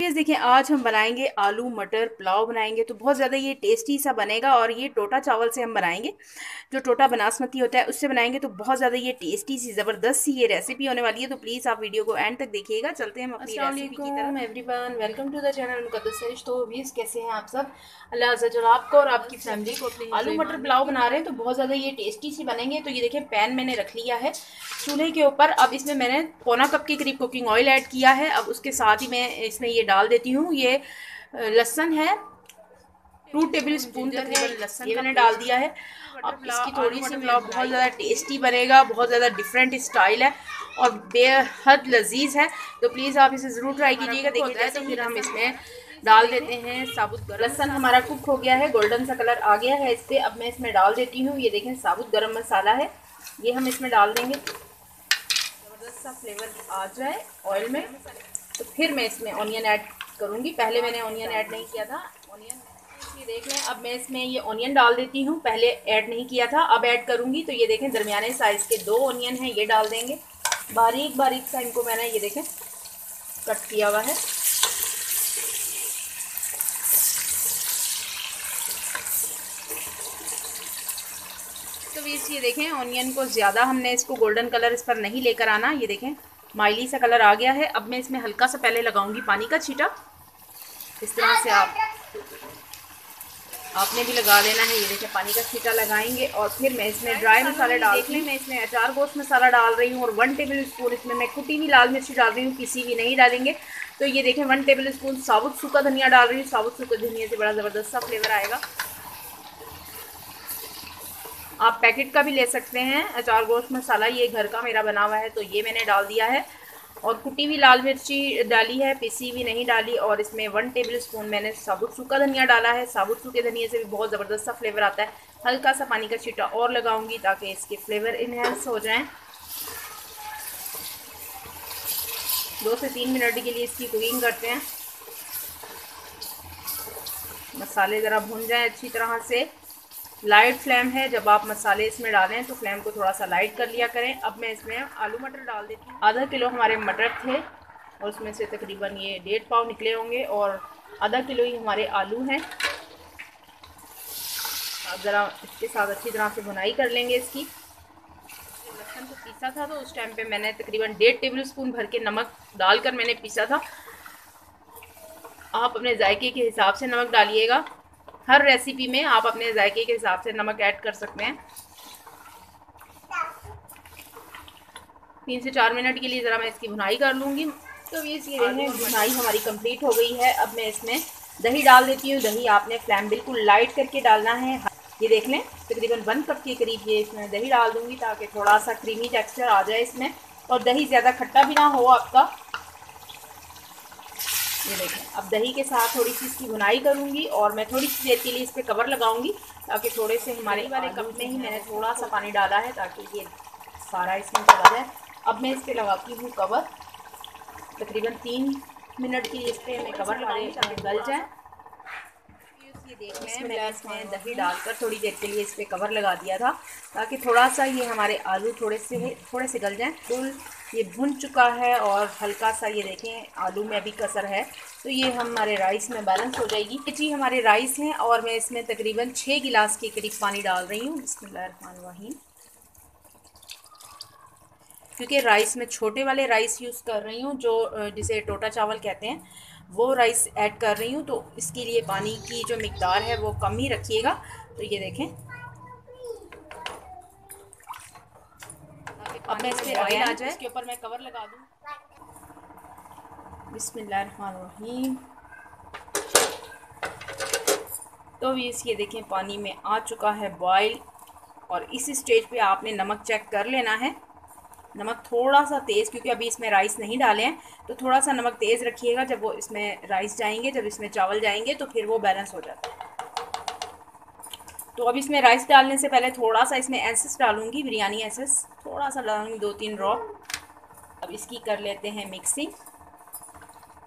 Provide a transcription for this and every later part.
देखिए आज हम बनाएंगे आलू मटर पुलाव बनाएंगे तो बहुत ज़्यादा ये टेस्टी सा बनेगा और ये टोटा चावल से हम बनाएंगे जो टोटा बनासमती होता है उससे बनाएंगे तो बहुत ज़्यादा ये टेस्टी सी ज़बरदस्त सी ये रेसिपी होने वाली है तो प्लीज़ आप वीडियो को एंड तक देखिएगा चलते हैं every one welcome to the channel Muqaddas Sarish तो वीज कैसे हैं आप सब अल्लाह जल आपको और आपकी फैमिली को आलू मटर पुलाव बना रहे हैं तो बहुत ज़्यादा ये टेस्टी सी बनेंगे तो ये देखें पैन मैंने रख लिया है चूल्हे के ऊपर अब इसमें मैंने पौना कप के करीब कुकिंग ऑयल ऐड किया है अब उसके साथ ही मैं इसमें ये डाल देती हूँ ये लहसन है टू टेबल स्पून तकरीबन लहसन मैंने डाल दिया है अब इसकी थोड़ी सी मिला बहुत ज़्यादा टेस्टी बनेगा बहुत ज़्यादा डिफरेंट स्टाइल है और बेहद लजीज है तो प्लीज़ आप इसे ज़रूर ट्राई कीजिएगा देखिए तो फिर हम इसमें डाल देते हैं साबुत गर्म लहसन हमारा कुक हो गया है गोल्डन सा कलर आ गया है इससे अब मैं इसमें डाल देती हूँ ये देखें साबुत गर्म मसाला है ये हम इसमें डाल देंगे ज़बरदस्त सा फ्लेवर आ जाए ऑयल में तो फिर मैं इसमें ऑनियन ऐड करूँगी पहले मैंने ऑनियन ऐड नहीं किया था ऑनियन देख लें अब मैं इसमें ये ऑनियन डाल देती हूँ पहले ऐड नहीं किया था अब ऐड करूँगी तो ये देखें दरमियाने साइज़ के दो ऑनियन हैं ये डाल देंगे बारीक बारीक सा इनको मैंने ये देखें कट किया हुआ है तो ये देखें ऑनियन को ज़्यादा हमने इसको गोल्डन कलर इस पर नहीं लेकर आना ये देखें माइली सा कलर आ गया है अब मैं इसमें हल्का सा पहले लगाऊंगी पानी का छीटा इस तरह से आप आपने भी लगा लेना है ये देखिए पानी का छीटा लगाएंगे और फिर मैं इसमें ड्राई मसाले डाल रही मैं इसमें अचार गोश्त मसाला डाल रही हूँ और वन टेबल स्पून इसमें मैं कुटी हुई लाल मिर्ची डाल रही हूँ किसी भी नहीं डालेंगे तो ये देखें वन टेबल स्पून साबुत सूखा धनिया डाल रही हूँ साबुत सूखा धनिया से बड़ा ज़बरदस्त सा फ्लेवर आएगा आप पैकेट का भी ले सकते हैं अचार गोश्त मसाला ये घर का मेरा बना हुआ है तो ये मैंने डाल दिया है और कुटी हुई लाल मिर्ची डाली है पिसी हुई नहीं डाली और इसमें वन टेबल स्पून मैंने साबुत सूखा धनिया डाला है साबुत सूखे धनिया से भी बहुत ज़बरदस्त सा फ्लेवर आता है हल्का सा पानी का छीटा और लगाऊंगी ताकि इसके फ्लेवर इन्हेंस हो जाएं दो से तीन मिनट के लिए इसकी कुकिंग करते हैं मसाले ज़रा भुन जाएँ अच्छी तरह से लाइट फ्लेम है जब आप मसाले इसमें डालें तो फ्लेम को थोड़ा सा लाइट कर लिया करें अब मैं इसमें आलू मटर डाल देती हूँ आधा किलो हमारे मटर थे और उसमें से तकरीबन ये डेढ़ पाव निकले होंगे और आधा किलो ही हमारे आलू हैं अब ज़रा इसके साथ अच्छी तरह से बुनाई कर लेंगे इसकी लहसुन को तो पीसा था तो उस टाइम पे मैंने तकरीबन डेढ़ टेबल स्पून भर के नमक डालकर मैंने पीसा था आप अपने जायके के हिसाब से नमक डालिएगा हर रेसिपी में आप अपने जायके के हिसाब से नमक ऐड कर सकते हैं तीन से चार मिनट के लिए ज़रा मैं इसकी भुनाई कर लूँगी तो ये इसकी भुनाई हमारी कंप्लीट हो गई है अब मैं इसमें दही डाल देती हूँ दही आपने फ्लेम बिल्कुल लाइट करके डालना है ये देख लें तकरीबन वन कप के करीब ये इसमें दही डाल दूँगी ताकि थोड़ा सा क्रीमी टेक्सचर आ जाए इसमें और दही ज़्यादा खट्टा भी ना हो आपका ये देखें अब दही के साथ थोड़ी सी इसकी बुनाई करूँगी और मैं थोड़ी सी देर के लिए इस पर कवर लगाऊंगी ताकि थोड़े से हमारे वाले कप में ही मैंने थोड़ा सा पानी डाला है ताकि ये सारा इसमें चला जाए अब मैं इस पर लगाती हूँ कवर तकरीबन तीन मिनट के लिए इस पर मैं कवर लगाऊंगी गल जाए देखें मैं इसमें दही डालकर थोड़ी देर के लिए इस पर कवर लगा दिया था ताकि थोड़ा सा ये हमारे आलू थोड़े से थोड़े से गल जाएँ ये भुन चुका है और हल्का सा ये देखें आलू में अभी कसर है तो ये हमारे राइस में बैलेंस हो जाएगी जी हमारे राइस हैं और मैं इसमें तकरीबन छः गिलास के करीब पानी डाल रही हूँ बसमीम क्योंकि राइस में छोटे वाले राइस यूज़ कर रही हूँ जो जिसे टोटा चावल कहते हैं वो राइस ऐड कर रही हूँ तो इसके लिए पानी की जो मकदार है वो कम ही रखिएगा तो ये देखें अब मैं इस ऑयल आ जाए इसके ऊपर मैं कवर लगा दूँ बिस्मिल्लाम तो भी इस ये देखें पानी में आ चुका है बॉयल और इस स्टेज पे आपने नमक चेक कर लेना है नमक थोड़ा सा तेज़ क्योंकि अभी इसमें राइस नहीं डाले हैं तो थोड़ा सा नमक तेज़ रखिएगा जब वो इसमें राइस जाएंगे जब इसमें चावल जाएंगे तो फिर वो बैलेंस हो जाता है तो अब इसमें राइस डालने से पहले थोड़ा सा इसमें एसेस डालूंगी बिरयानी एसेस थोड़ा सा डालूंगी दो तीन ड्रॉप अब इसकी कर लेते हैं मिक्सिंग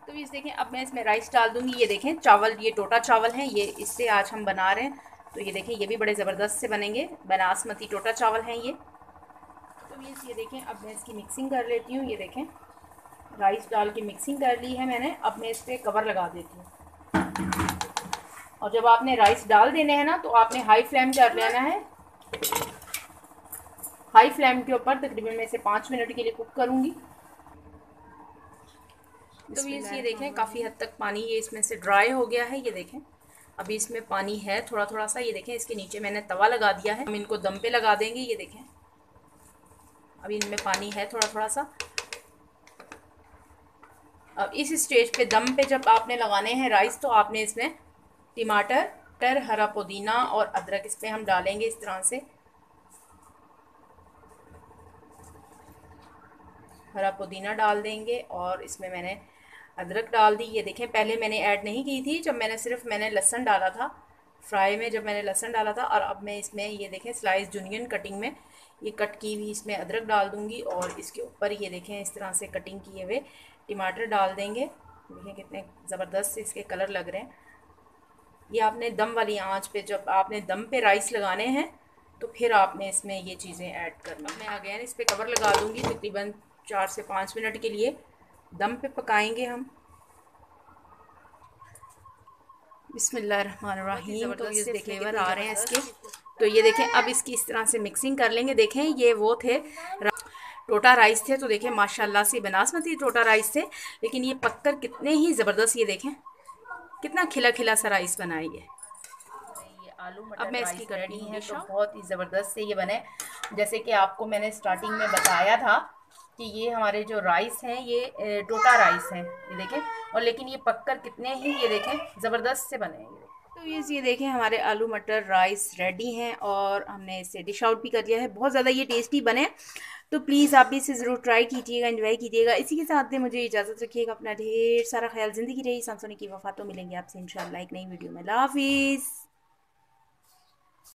तो इस देखें अब मैं इसमें राइस डाल दूंगी ये देखें चावल ये टोटा चावल है ये इससे आज हम बना रहे हैं तो ये देखें ये भी बड़े ज़बरदस्त से बनेंगे बनासमती टोटा चावल हैं ये तो ये ये देखें अब मैं इसकी मिक्सिंग कर लेती हूँ ये देखें राइस डाल के मिक्सिंग कर ली है मैंने अब मैं इस पर कवर लगा देती हूँ और जब आपने राइस डाल देने हैं ना तो आपने हाई फ्लेम कर लेना है हाई फ्लेम के ऊपर तकरीबन मैं इसे पाँच मिनट के लिए कुक करूँगी तो ये देखें काफ़ी हद तक पानी ये इसमें से ड्राई हो गया है ये देखें अभी इसमें पानी है थोड़ा थोड़ा सा ये देखें इसके नीचे मैंने तवा लगा दिया है हम इनको दम पे लगा देंगे ये देखें अभी इनमें पानी है थोड़ा थोड़ा सा अब इस स्टेज पे दम पे जब आपने लगाने हैं राइस तो आपने इसमें टमाटर टर हरा पुदीना और अदरक इस पर हम डालेंगे इस तरह से हरा पुदीना डाल देंगे और इसमें मैंने अदरक डाल दी ये देखें पहले मैंने ऐड नहीं की थी जब मैंने सिर्फ मैंने लहसन डाला था फ्राई में जब मैंने लहसन डाला था और अब मैं इसमें ये देखें स्लाइस जूनियन कटिंग में ये कट की हुई इसमें अदरक डाल दूंगी और इसके ऊपर ये देखें इस तरह से कटिंग किए हुए टमाटर डाल देंगे देखें कितने ज़बरदस्त इसके कलर लग रहे हैं ये आपने दम वाली आंच पे जब आपने दम पे राइस लगाने हैं तो फिर आपने इसमें ये चीज़ें ऐड करना मैं अगेन इस पर कवर लगा दूँगी तकरीबन चार से पाँच मिनट के लिए दम पे पकाएंगे हम बिसमीम तो ये देखें आ रहे हैं इसके तो ये देखें अब इसकी इस तरह से मिक्सिंग कर लेंगे देखें ये वो थे टोटा राइस थे तो देखें माशाल्लाह से बनासमती टोटा राइस थे लेकिन ये पककर कितने ही ज़बरदस्त ये देखें कितना खिला खिला सा राइस बनाई है ये आलू अब मैं इसकी रही है तो बहुत ही ज़बरदस्त से ये बने जैसे कि आपको मैंने स्टार्टिंग में बताया था कि ये हमारे जो राइस हैं ये टोटा राइस हैं ये देखें और लेकिन ये पककर कितने ही ये देखें ज़बरदस्त से बने तो ये ये देखें हमारे आलू मटर राइस रेडी हैं और हमने इसे डिश आउट भी कर लिया है बहुत ज़्यादा ये टेस्टी बने तो प्लीज़ आप भी इसे ज़रूर ट्राई कीजिएगा इन्जॉय कीजिएगा इसी के साथ मुझे इजाज़त रखिएगा अपना ढेर सारा ख्याल ज़िंदगी रही सांसों की वफा तो मिलेंगे आपसे इन एक नई वीडियो में लाफिज़